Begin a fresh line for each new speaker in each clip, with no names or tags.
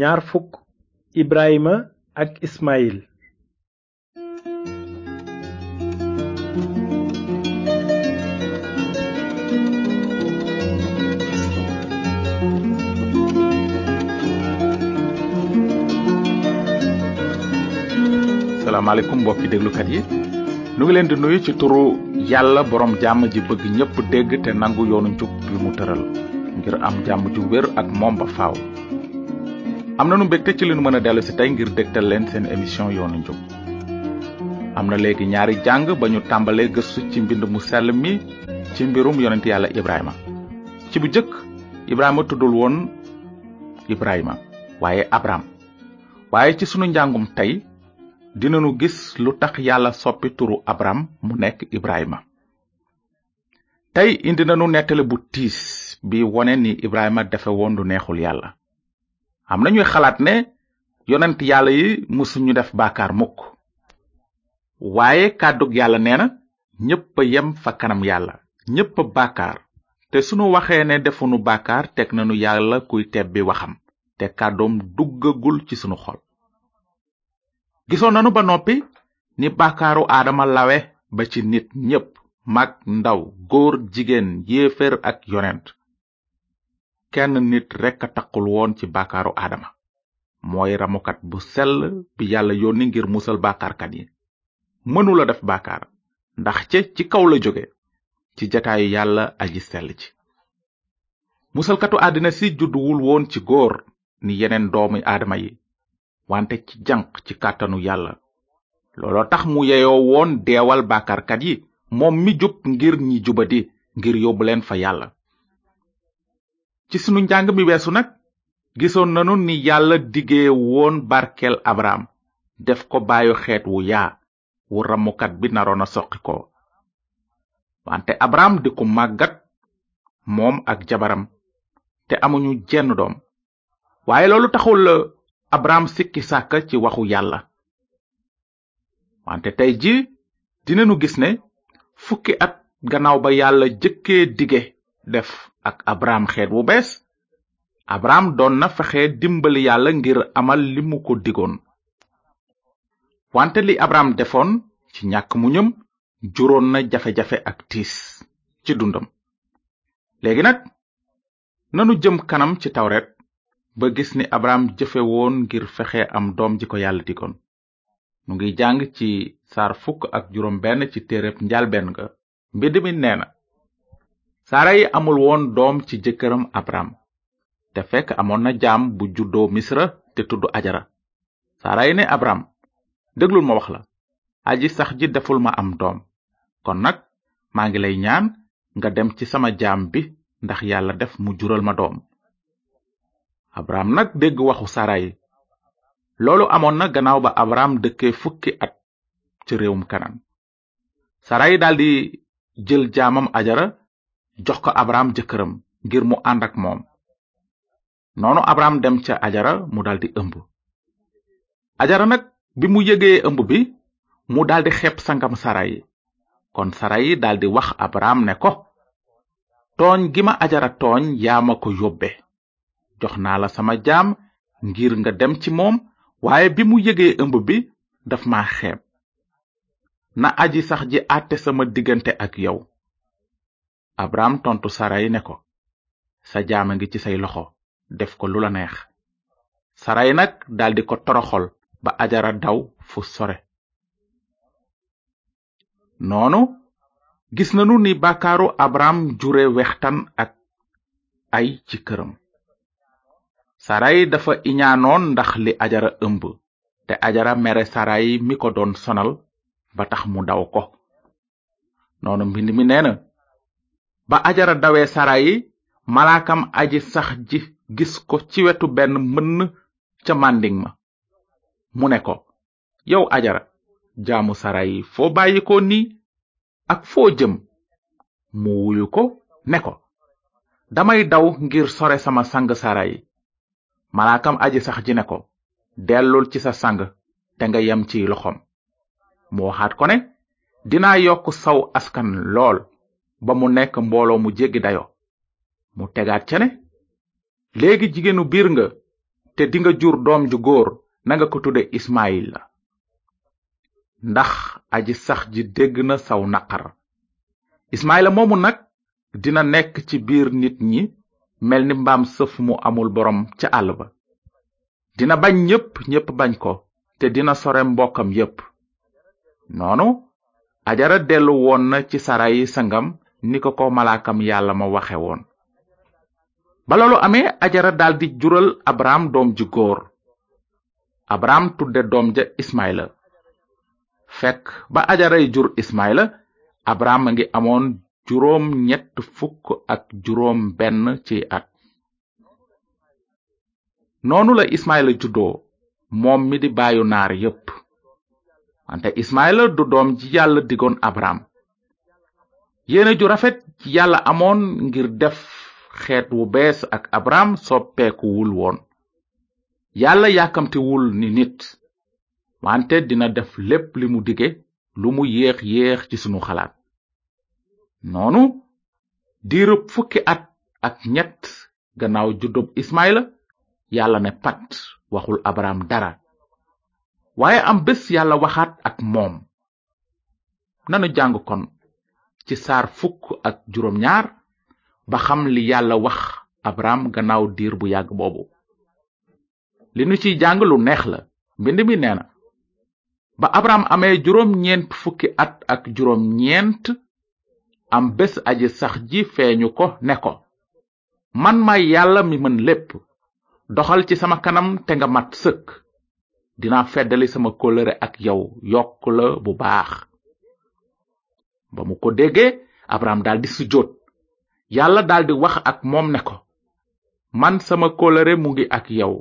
ñaar fukk Ibrahima ak Ismaïl salaamaaleykum mbokki déglukat yi nu ngi leen di nuyu ci turu yàlla boroom jàmm ji bëgg ñépp dégg te nangu yoonu njub bi mu tëral ngir am jàmm ju wér ak moom ba faaw am na nu mbégte ci li nu mën a dellu si tey ngir dégtal leen seen émission yoonu njub am na léegi ñaari jàng ba ñu tàmbalee gëstu ci mbind mu sell mi ci mbirum yonent yàlla Ibrahima ci bu jëkk Ibrahima tuddul woon Ibrahima waaye Abraham waaye ci sunu njàngum tey dinanu gis lu tax yàlla soppi turu Abraham mu nekk Ibrahima tey indi na nu nekkale bu tiis bi wone ni Ibrahima defe woon lu neexul yàlla am na ñuy xalaat ne yonent yàlla yi mësuñu def baakaar mukk waaye kàddug yàlla nee na ñépp yem fa kanam yàlla ñépp a baakaar te sunu waxee ne defunu baakaar teg nanu yàlla kuy tebbi waxam te kàddoom duggagul ci sunu xol gisoon nanu ba noppi ni baakaaru aadama lawe ba ci nit ñépp mag ndaw góor jigéen yéeféer ak yonent kenn nit rekk a takkul woon ci baakaaru aadama mooy ramukat bu sell bi yàlla yónni ngir musal baakaarkat yi mënula def baakaar ndax ce ci kaw la jóge ci jataayu yàlla aji sell ci musalkatu àddina si judduwul woon ci góor ni yeneen doomi aadama yi wante ci janq ci kàttanu yàlla looloo tax mu yeyoo woon deewal baakaarkat yi moom mi jub ngir ñi jubadi ngir yóbbu leen fa yàlla ci sunu njàng bi weesu nag gisoon nanu ni yàlla diggee woon barkeel abraham def ko baayu xeet wu yaa wu ramukat bi naroon a soqi ko wante abraham di ko màggat moom ak jabaram te amuñu jenn doom waaye loolu taxul la abraham siki sàkk ci waxu yàlla wante tey ji dinañu gis ne fukki at gannaaw ba yàlla jëkkee dige def ak abraham xeet wu bees abraham doon na fexe dimbali yàlla ngir amal li mu ko digoon wante li abraham defoon ci ñàkk mu ñëm juróon na jafe-jafe ak tiis ci dundam léegi nag nanu jëm kanam ci tawret ba gis ni abraham jëfewoon ngir fexe am doom ji ko yàlla digoon nu ngi jàng ci saar fukk ak juróom benn ci téereb njalbeen ga mbind mi yi amul woon doom ci jëkkëram abram te fekk amoon na jaam bu juddoo misra te tudd ajara saray ne abram déglul ma wax la aji sax ji deful ma am doom kon nag maa ngi lay ñaan nga dem ci sama jaam bi ndax yàlla def mu jural ma doom abram nag dégg waxu yi loolu amoon na gannaaw ba abram dëkkee fukki at ci réewum kanaan saray daldi jël jaamam ajara jox ko abraham jëkkëram ngir mu àndak moom noonu abraham dem ca ajara mu daldi ëmb ajara nag bi mu yëgee ëmb bi mu daldi xeeb sangam sarayi kon sara sarayi daldi wax abraham ne ko tooñ gi ma ajara tooñ yaa ko yóbbe jox naa la sama jaam ngir nga dem ci moom waaye bi mu yëgee ëmb bi daf ma xeeb na aji sax ji àtte sama diggante ak yow abraham tontu saray ne ko sa jaama ngi ci say loxo def ko lu la neex saray nag daldi ko toroxol ba ajara daw fu sore noonu gis nanu ni bàkkaaru abraham jure wextan ak ay ci këram saray dafa iñaanoon ndax li ajara ëmb te ajara mere saray mi ko doon sonal ba tax mu daw ko noonu mbind mi neena ba ajara dawee sarayi malaakam aji sax ji gis ko ci wetu benn mbënn ca mànding ma mu ne ko yow ajara jaamu yi foo bàyyi ko nii ak foo jëm mu wuyu ko ne ko damay daw ngir sore sama sang sarayi malaakam aji sax ji ne ko dellul ci sa sang te nga yem ci loxoom mu waxaat ko ne dinaa yokk saw askan lool ba mu nekk mbooloo mu jéggi dayoo mu tegaat ca ne léegi jigéenu biir nga te dinga jur doom ju góor nanga ko tudde ismaayil la ndax aji sax ji dégg na saw naqar la moomu nag dina nekk ci biir nit ñi mel ni mbaam sëf mu amul boroom ca àll ba dina bañ ñépp ñépp bañ ko te dina sore mbokkam yépp noonu ajara dellu woon na ci sarayi sangam ni ko ko malaakam yàlla ma waxe woon ba loolu amee ajara daldi jural abraham doom ju góor abraham tudde doom ja ismaila fekk ba ajara ajaray jur ismaila abraham a ngi amoon juróom ñett fukk ak juróom benn ci at noonu la ismaila juddoo moom mi di baayu naar yépp wante ismaila du doom ji yàlla digoon abraham yéene ju rafet yàlla amoon ngir def xeet wu bees ak abraham soppeekuwul woon yàlla yàkkamtiwul ni nit wante dina def lépp li mu dige lu mu yéex yéex ci sunu xalaat noonu diirub fukki at ak ñett gannaaw juddub ismaila yàlla ne pat waxul abraham dara waaye am bés yàlla waxaat ak moom nanu jàng kon ci saar fukk ak juróom ñaar ba xam li yàlla wax abraham gannaaw diir bu yàgg boobu li nu ciy jàng lu neex la mbind mi nee na ba abraham amee juróom ñeent fukki at ak juróom ñeent am bés aji sax ji feeñu ko ne ko man ma yàlla mi mën lépp doxal ci sama kanam te nga mat sëkk dinaa feddali sama kóllëre ak yow yokk la bu baax ba mu ko déggee abraham daldi sujjóot yàlla daldi wax ak moom ne ko man sama kóllëre mu ngi ak yow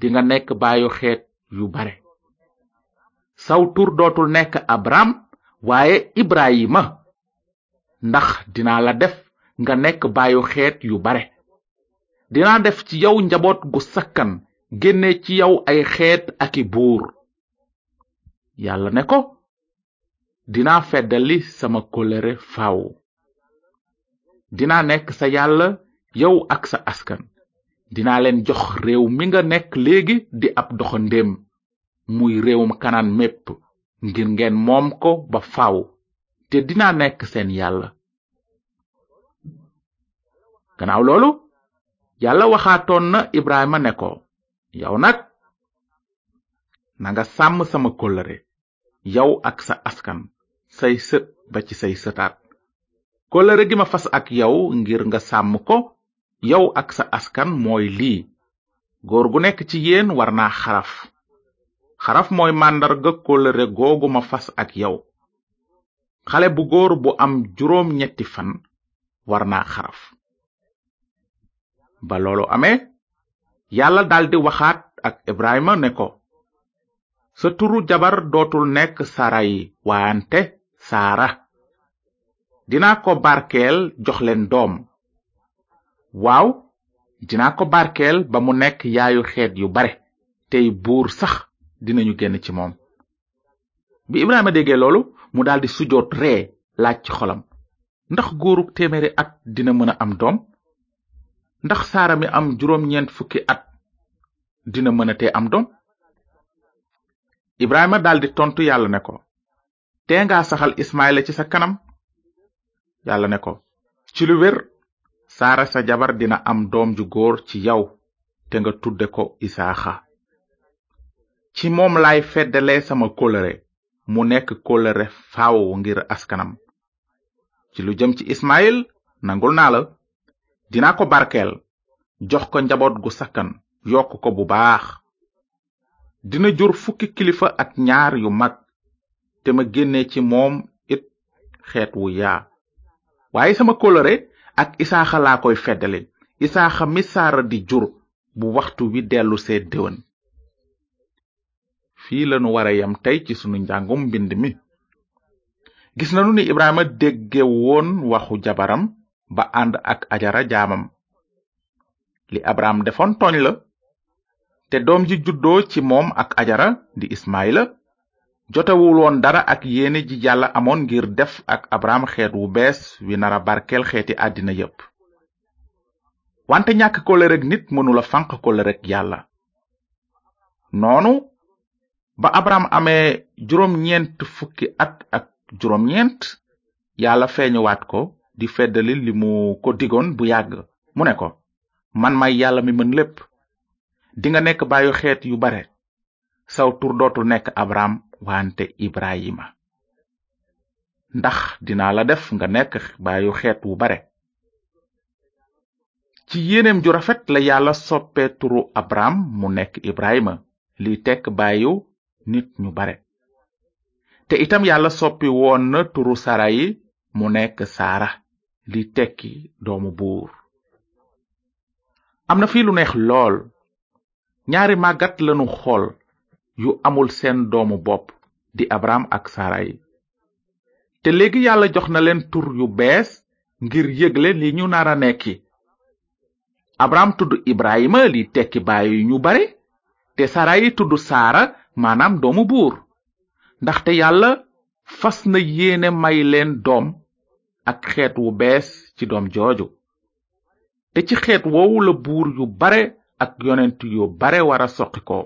dinga nekk baayu xeet yu bare saw tur dootul nekk abraham waaye ibrahima ndax dinaa la def nga nekk baayu xeet yu bare dinaa def ci yow njaboot gu sakkan génne ci yow ay xeet aki buur yàlla ne ko dinaa feddali sama kóllëre faaw dinaa nekk sa yàlla yow ak sa askan dinaa leen jox réew mi nga nekk léegi di ab doxandéem muy réewum kanaan mépp ngir ngeen moom ko ba faw te dinaa nekk seen yàlla gannaaw loolu yàlla waxaatoon na Ibrahima ne ko yow nag nanga sàmm sama kóllëre yow ak sa askan say sët ba ci say sëtaat kóllëre gi ma fas ak yow ngir nga sàmm ko yow ak sa askan mooy lii góor gu nekk ci yéen war naa xaraf xaraf mooy màndarga kóllëre googu ma fas ak yow xale bu góor bu am juróom ñetti fan war naa xaraf ba loolu amee yàlla daldi waxaat ak ibrahima ne ko sa turu jabar dootul nekk yi waante saara dinaa ko barkeel jox leen doom waaw dina ko barkeel ba mu nekk yaayu xeet yu bare tey buur sax dinañu génn ci moom bi ibrahima déggee loolu mu daldi sujoot ree laaj ci xolam ndax góorug téeméeri at dina mën a am doom ndax saara mi am juróom ñeent fukki at dina mën a tee am doom ibrahima daldi tontu yàlla ne ko tee nga saxal ismaila ci sa kanam yàlla ne ko ci lu wér saara sa jabar dina am doom ju góor ci yow te nga tudde ko isaaxa ci moom lay feddale sama kolëre mu nekk kolëre faaw ngir askanam ci lu jëm ci ismail nangul naa la dina ko barkeel jox ko njaboot gu sakkan yokk ko bu baax dina jur fukki kilifa ak ñaar yu mag te ma génne ci moom it xeet wu yaa waaye sama kóllëre ak isaaxa laa koy feddali isaaxa mi saara di jur bu waxtu wi dellu see déwén fii lanu wara tey ci sunu njàngum mbind mi gis nanu ni ibrahima dégge woon waxu jabaram ba ànd ak ajara jaamam li abraham defoon tooñ la te doom ji juddoo ci moom ak ajara di ismaila jotewul woon dara ak yéene ji yàlla amoon ngir def ak abraham xeet wu bees wi nara barkeel xeeti àddina yépp wante ñàkk kóllëreg nit mënula fànq rekk yàlla noonu ba abraham amee juróom ñeent fukki at ak juróom ñeent yàlla feeñuwaat ko di feddali li mu ko digoon bu yàgg mu ne ko man may yàlla mi mën lépp dinga nekk baayu xeet yu bare saw tur dootu nekk abraham wante ibrahima ndax dinaa la def nga nekk baayu xeet wu bare ci yéeneem ju rafet la yàlla soppe turu abraham mu nekk ibrahima li tekk baayu nit ñu bare te itam yàlla soppi woon na turu yi mu nekk saara li tekki doomu buur am na fi lu neex lool ñaari màggat lanu xool yu amul seen doomu bopp di abraham ak saray te léegi yàlla jox na leen tur yu bees ngir yëgle li ñu a nekki abraham tudd ibrahima li tekki baay yu ñu bare te saray tudd saara maanaam doomu buur ndaxte yàlla fas na yéene may leen doom ak xeet wu bees ci doom jooju te ci xeet woowu la buur yu bare ak yonent yu bare war a ko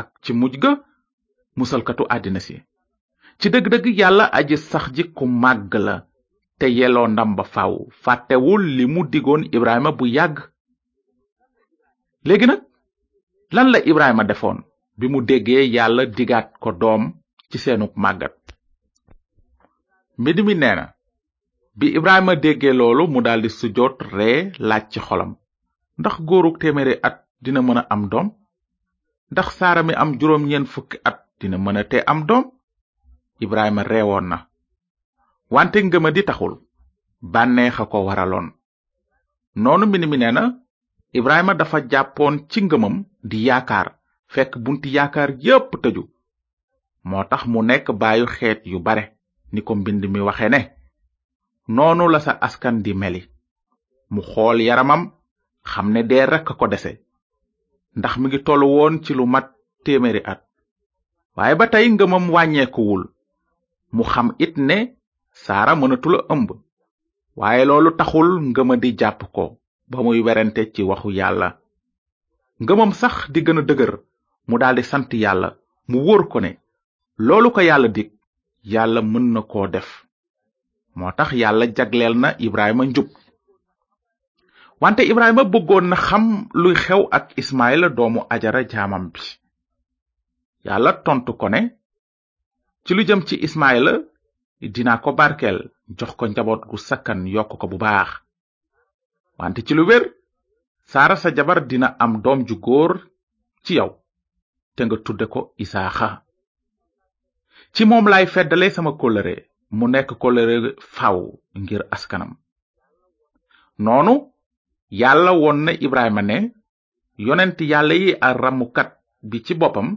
ak ci mujj ga musalkatu àddina si ci dëgg-dëgg yàlla aji sax ji màgg la te yelloo ndam ba faaw fàttewul li mu digoon ibrahima bu yàgg léegi nag lan la ibrahima defoon bi mu déggee yàlla digaat ko doom ci seenu màggat mbind mi nee bi ibrahima déggee loolu mu daldi sujoot ree laaj ci xolam ndax góorug téeméeri at dina mën a am doom ndax saara mi am juróom ñeent fukki at dina mën a te am doom ibrahima reewoon na wante ngëma di taxul bànneexa ko waraloon noonu mbind mi nee na ibrahima dafa jàppoon ci ngëmam di yaakaar fekk bunti yaakaar yépp tëju moo tax mu nekk baayu xeet yu bare ni ko mbind mi waxe ne noonu la sa askan di meli mu xool yaramam xam ne dee rekk ko dese ndax mi ngi tollu woon ci lu mat téeméeri at waaye ba tey ngëmam wàññeekuwul mu xam it ne saara mënatula ëmb waaye loolu taxul ngëma di jàpp ko ba muy werante ci waxu yàlla ngëmam sax di gën a dëgër mu daldi sant yàlla mu wóor ko ne loolu ko yàlla dig yàlla mën na koo def moo tax yàlla jagleel na ibrahima njub wante Ibrahima bëggoon na xam luy xew ak Ismaël doomu ajara jaamam bi yàlla tontu ko ne ci lu jëm ci Ismaël dina ko barkeel jox ko njaboot gu sakkan yokk ko bu baax wante ci lu wér saara sa jabar dina am doom ju góor ci yow te nga tudde ko isaaxa ci moom lay feddale sama kóllëre mu nekk kóllëre faw ngir askanam noonu yàlla woon na ibrahima ne yonent yàlla yi aramukat ramukat bi ci boppam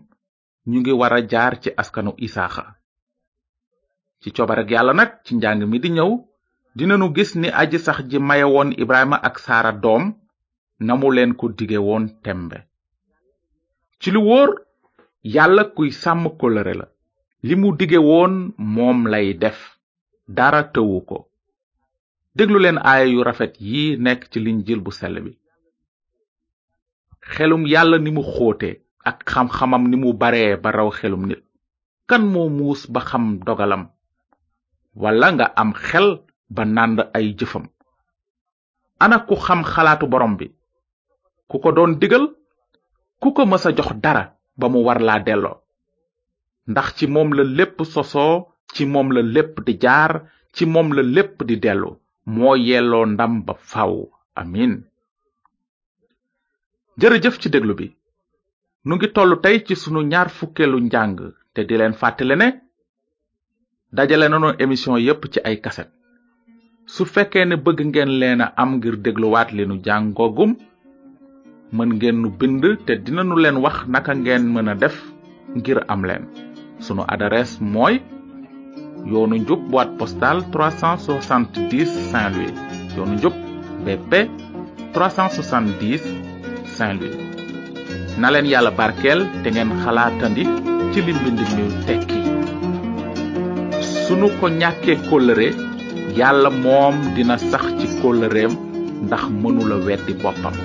ñu ngi war a jaar ci askanu isaaxa ci coobarek yàlla nag ci njàng mi di ñëw dinanu gis ni aji sax ji maye woon ibrahima ak saara doom namu leen ko dige woon tembe ci lu wóor yàlla kuy sàmm kóllëre la li mu dige woon moom lay def dara tëwu ko déglu leen aaya yu rafet yii nekk ci linjil bu sell bi xelum yàlla ni mu xóote ak xam-xamam ni mu baree ba raw xelum nit kan moo muus ba xam dogalam wala nga am xel ba nànd ay jëfam ana ku xam xalaatu borom bi ku ko doon digal ku ko mësa jox dara ba mu war laa delloo ndax ci moom la lépp sosoo ci moom la lépp di jaar ci moom la lépp di dellu moo yelloo ndam ba faw amin jërëjëf ci déglu bi nu ngi tollu tey ci sunu ñaar fukkeelu njàng te di leen fàttale ne dajale nanu émission yépp ci ay kaset su fekkee ne bëgg ngeen leen a am ngir dégluwaat li nu jàngoogum mën ngeen nu bind te dina nu leen wax naka ngeen mën a def ngir am leen sunu adarees mooy yoonu njub boîte postale 370 Saint-Louis yoonu njub BP 370 saint leen yàlla barkeel te ngeen xalaatandi ci li mi tekki sunu ko ñàkkee kóllëre yàlla moom dina sax ci kóllëreem ndax mënula weddi boppam